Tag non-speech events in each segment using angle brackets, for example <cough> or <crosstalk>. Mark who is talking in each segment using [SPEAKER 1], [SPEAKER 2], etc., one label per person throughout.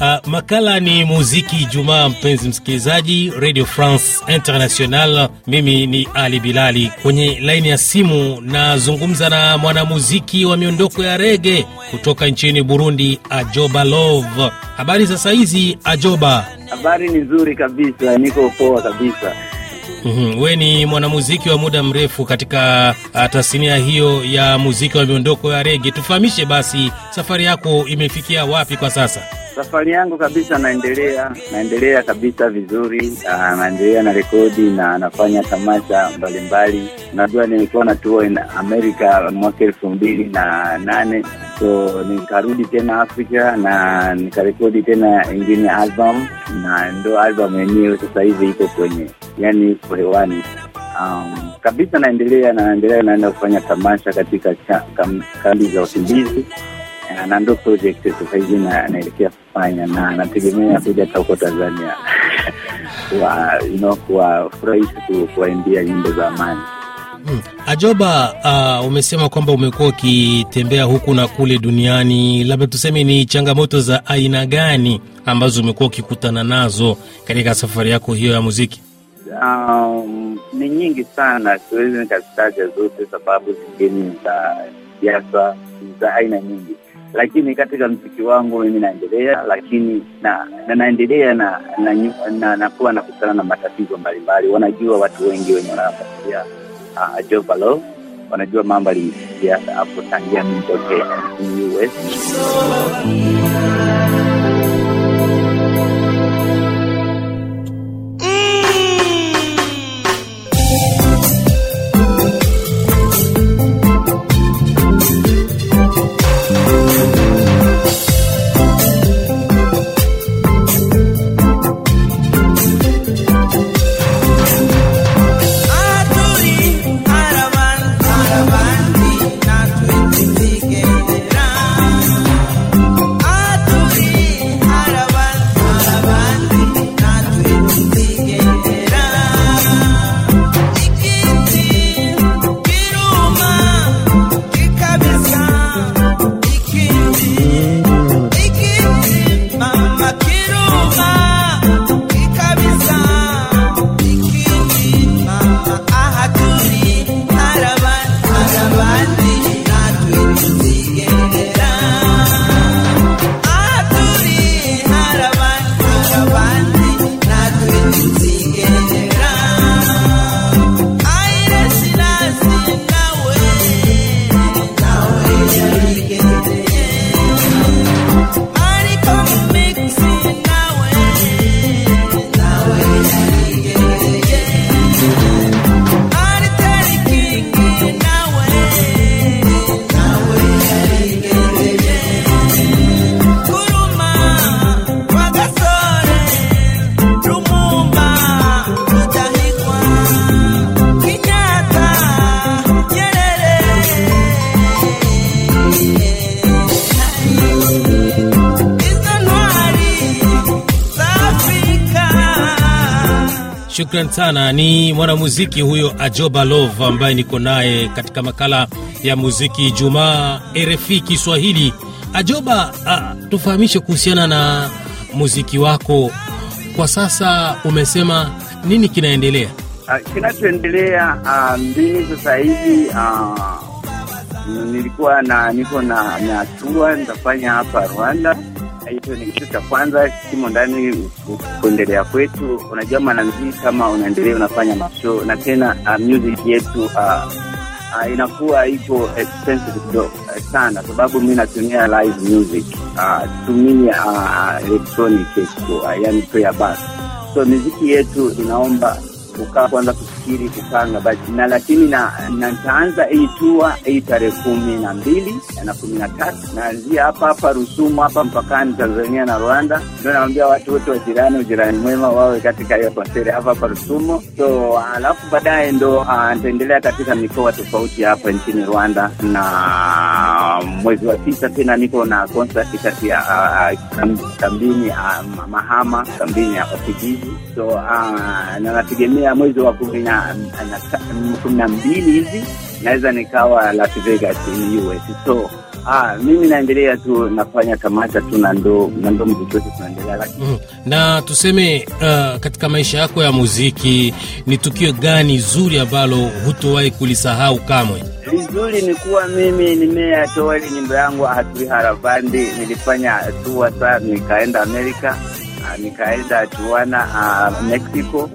[SPEAKER 1] Uh, makala ni muziki Jumaa, mpenzi msikilizaji Radio France International. Mimi ni Ali Bilali kwenye laini ya simu, nazungumza na mwanamuziki wa miondoko ya rege kutoka nchini Burundi, Ajoba Love. Habari sasa hizi, Ajoba?
[SPEAKER 2] Habari ni nzuri kabisa, niko poa kabisa.
[SPEAKER 1] Mm-hmm. We ni mwanamuziki wa muda mrefu katika uh, tasnia hiyo ya muziki wa miondoko ya rege. Tufahamishe basi, safari yako imefikia wapi kwa sasa?
[SPEAKER 2] Safari yangu kabisa, naendelea naendelea kabisa vizuri. naendelea na rekodi na nafanya tamasha mbalimbali. Najua nilikuwa na tour in America mwaka elfu mbili na nane so nikarudi tena Afrika na nikarekodi tena ingine album, na ndo album yenyewe sasa hivi iko kwenye, yani iko hewani. Um, kabisa naendelea naendelea naenda kufanya tamasha katika kambi za wakimbizi na ndo project sasa hivi naelekea kufanya na nategemea kuja hata huko Tanzania <laughs> you know, kuwafurahisha, kuwaimbia nyimbo za amani.
[SPEAKER 1] Hmm. Ajoba, uh, umesema kwamba umekuwa ukitembea huku na kule duniani, labda tuseme ni changamoto za aina gani ambazo umekuwa ukikutana nazo katika safari yako hiyo ya muziki?
[SPEAKER 2] Um, ni nyingi sana, siwezi nikazitaja zote, sababu zingine za siasa za aina nyingi lakini katika mziki wangu mimi naendelea, lakini na, na naendelea na nakuwa na, na, na, nakutana na matatizo mbalimbali. Wanajua watu wengi wenye wanafuatilia uh, ah, Jova wanajua mambo alimsikia hapo tangia mtokea US
[SPEAKER 1] Shukran sana. Ni mwanamuziki huyo Ajoba Love ambaye niko naye katika makala ya muziki Jumaa RFI Kiswahili. Ajoba, tufahamishe kuhusiana na muziki wako kwa sasa, umesema nini kinaendelea?
[SPEAKER 2] Kinachoendelea mbini sasa hivi nilikuwa na niko na, na tua nitafanya hapa Rwanda hicho ni kitu cha kwanza, kimo ndani kuendelea kwetu. Unajua mwanamuziki kama unaendelea unafanya masho na tena uh, music yetu uh, uh, inakuwa iko expensive kidogo uh, sana, sababu mi natumia live music uh, tumia uh, uh, electronic uh, yani prayer bus. So muziki yetu inaomba kukaa kwanza nafikiri kupanga bajeti na lakini na nitaanza hii tua hii tarehe kumi na mbili na kumi na tatu naanzia hapa hapa Rusumo hapa mpakani Tanzania na Rwanda. Ndio naambia watu wote wajirani, ujirani mwema wawe katika hiyo konseri hapa hapa Rusumo. So alafu baadaye ndo ah, nitaendelea katika mikoa tofauti hapa nchini Rwanda, na mwezi wa tisa tena niko na konsati kati ya ah, kambini ah, Mahama, kambini ya Kijiji. So uh, nanategemea mwezi wa kumi na, na, kumi na mbili hivi naweza nikawa Las Vegas in US. So ah, mimi naendelea tu nafanya kamata tu na ndo na ndo wetu tunaendelea lakini
[SPEAKER 1] mm. Na tuseme uh, katika maisha yako ya muziki ni tukio gani zuri ambalo hutowahi kulisahau kamwe?
[SPEAKER 2] Vizuri ni kuwa mimi nimeyatoa ile nyimbo yangu Hatui Harabandi, nilifanya hatua saa nikaenda Amerika, nikaenda Tijuana, uh, Mexico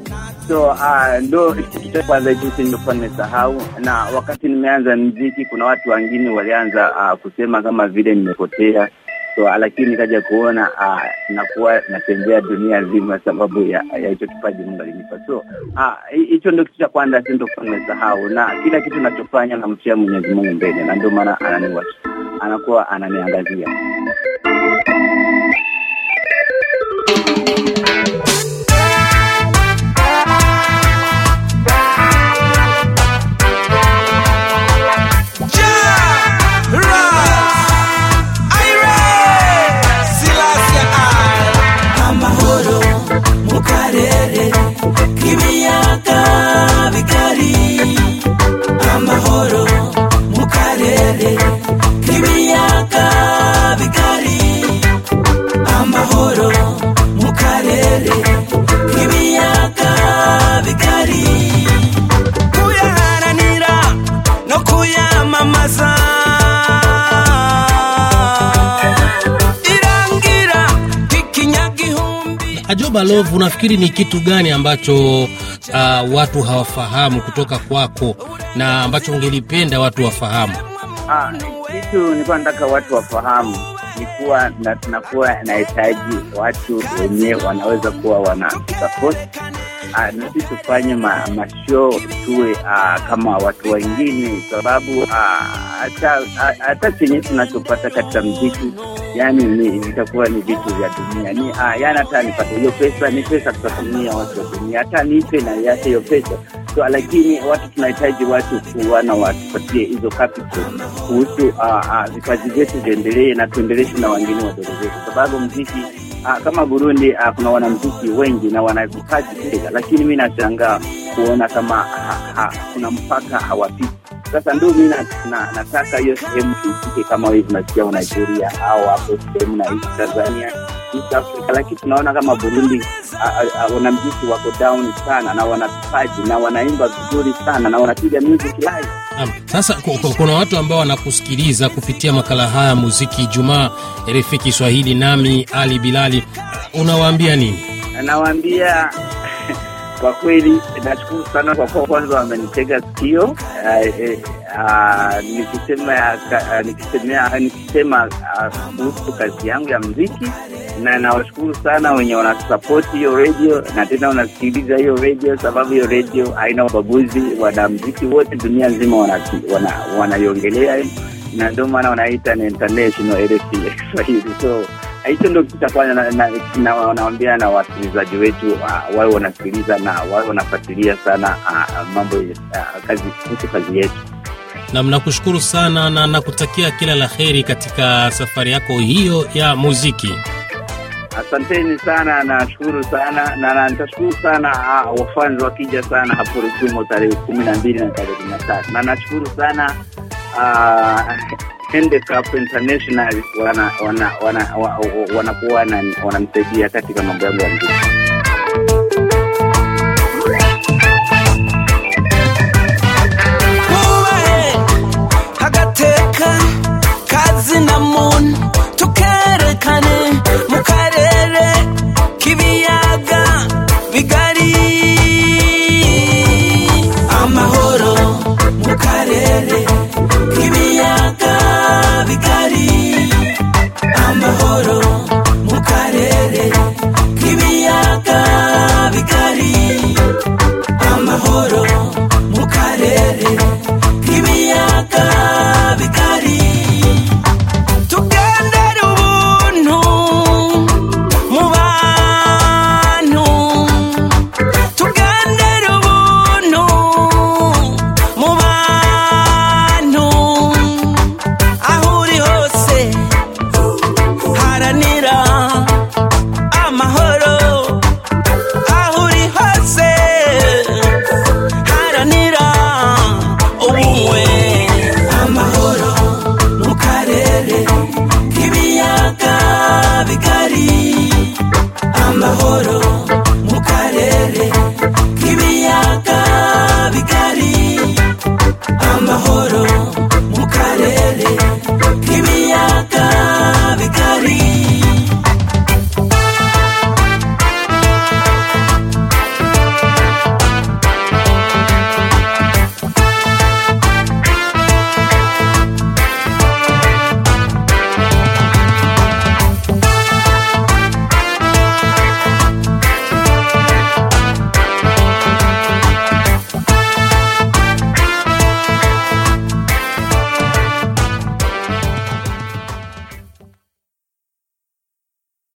[SPEAKER 2] So uh, ndo kitu kwanza hicho nilikuwa nimesahau, na wakati nimeanza mziki, kuna watu wengine walianza uh, kusema kama vile nimepotea so, lakini nikaja kuona uh, nakuwa natembea dunia nzima sababu ya hicho kipaji Mungu alinipa. So hicho uh, ndio kitu cha kwanza sindokuwa nimesahau, na kila kitu nachofanya namtia Mwenyezi Mungu mbele, na ndio maana anakuwa ananiangazia.
[SPEAKER 1] Ajoba Love, unafikiri ni kitu gani ambacho uh, watu hawafahamu kutoka kwako na ambacho ungelipenda watu wafahamu?
[SPEAKER 2] Ah, kitu nilikuwa nataka watu wafahamu ni kuwa na tunakuwa nahitaji watu wenyewe wanaweza kuwa wana support uh, nasi tufanye ma, tuwe uh, kama watu wengine, sababu ah, hata uh, chenye tunachopata katika mziki yani vitakuwa ni vitu vya dunia ni yani hata nipate hiyo pesa ni pesa tutatumia watu wa dunia, hata niipe na iache hiyo pesa so, lakini watu tunahitaji watu kuwana watupatie hizo kapito kuhusu vipaji vyetu viendelee na tuendeleshe na wengine wadogo zetu, sababu mziki Aa, ah, kama Burundi aa, ah, kuna wanamziki wengi na wanavipaji pia, lakini mi nashangaa kuona kama ha, ha, kuna mpaka hawapiti. Sasa ndio mi na, nataka hiyo sehemu tuifike, kama hivi nasikia Nigeria au hapo sehemu na hii Tanzania, East Africa, lakini tunaona kama Burundi ah, wanamziki wako down sana na wana na wanaimba vizuri sana na wanapiga music live
[SPEAKER 1] sasa kuna watu ambao wanakusikiliza kupitia makala haya muziki Ijumaa RFI Kiswahili, nami Ali Bilali, unawaambia nini?
[SPEAKER 2] Nawaambia <laughs> kwa kweli nashukuru sana kwa kuwa kwanza wamenitega sikio eh, eh, ah, nikisema ah, ah, kuhusu kazi yangu ya mziki na nawashukuru sana wenye wanasapoti hiyo redio na tena wanasikiliza hiyo redio, sababu hiyo redio haina ubaguzi. Wanamziki wote dunia nzima wanaiongelea wana, wana na ndio maana wanaita ni international <laughs> Kiswahili. So hicho ndo kitafanya nawaambia na, na, na wasikilizaji wetu wawe wanasikiliza na wawe wanafuatilia sana mambo kazi kuhusu kazi yetu
[SPEAKER 1] nam nakushukuru sana na nakutakia kila la heri katika safari yako hiyo ya muziki.
[SPEAKER 2] Asanteni sana, nashukuru sana na nitashukuru sana ah, wafanzi wakija sana hapo Rusumo tarehe kumi na mbili na tarehe kumi na tatu na nashukuru sana Handicraft ah, International wanakuwa wanamsaidia wananisaidia katika mambo yangu ya mziki.
[SPEAKER 3] kazi na muntu tukerekane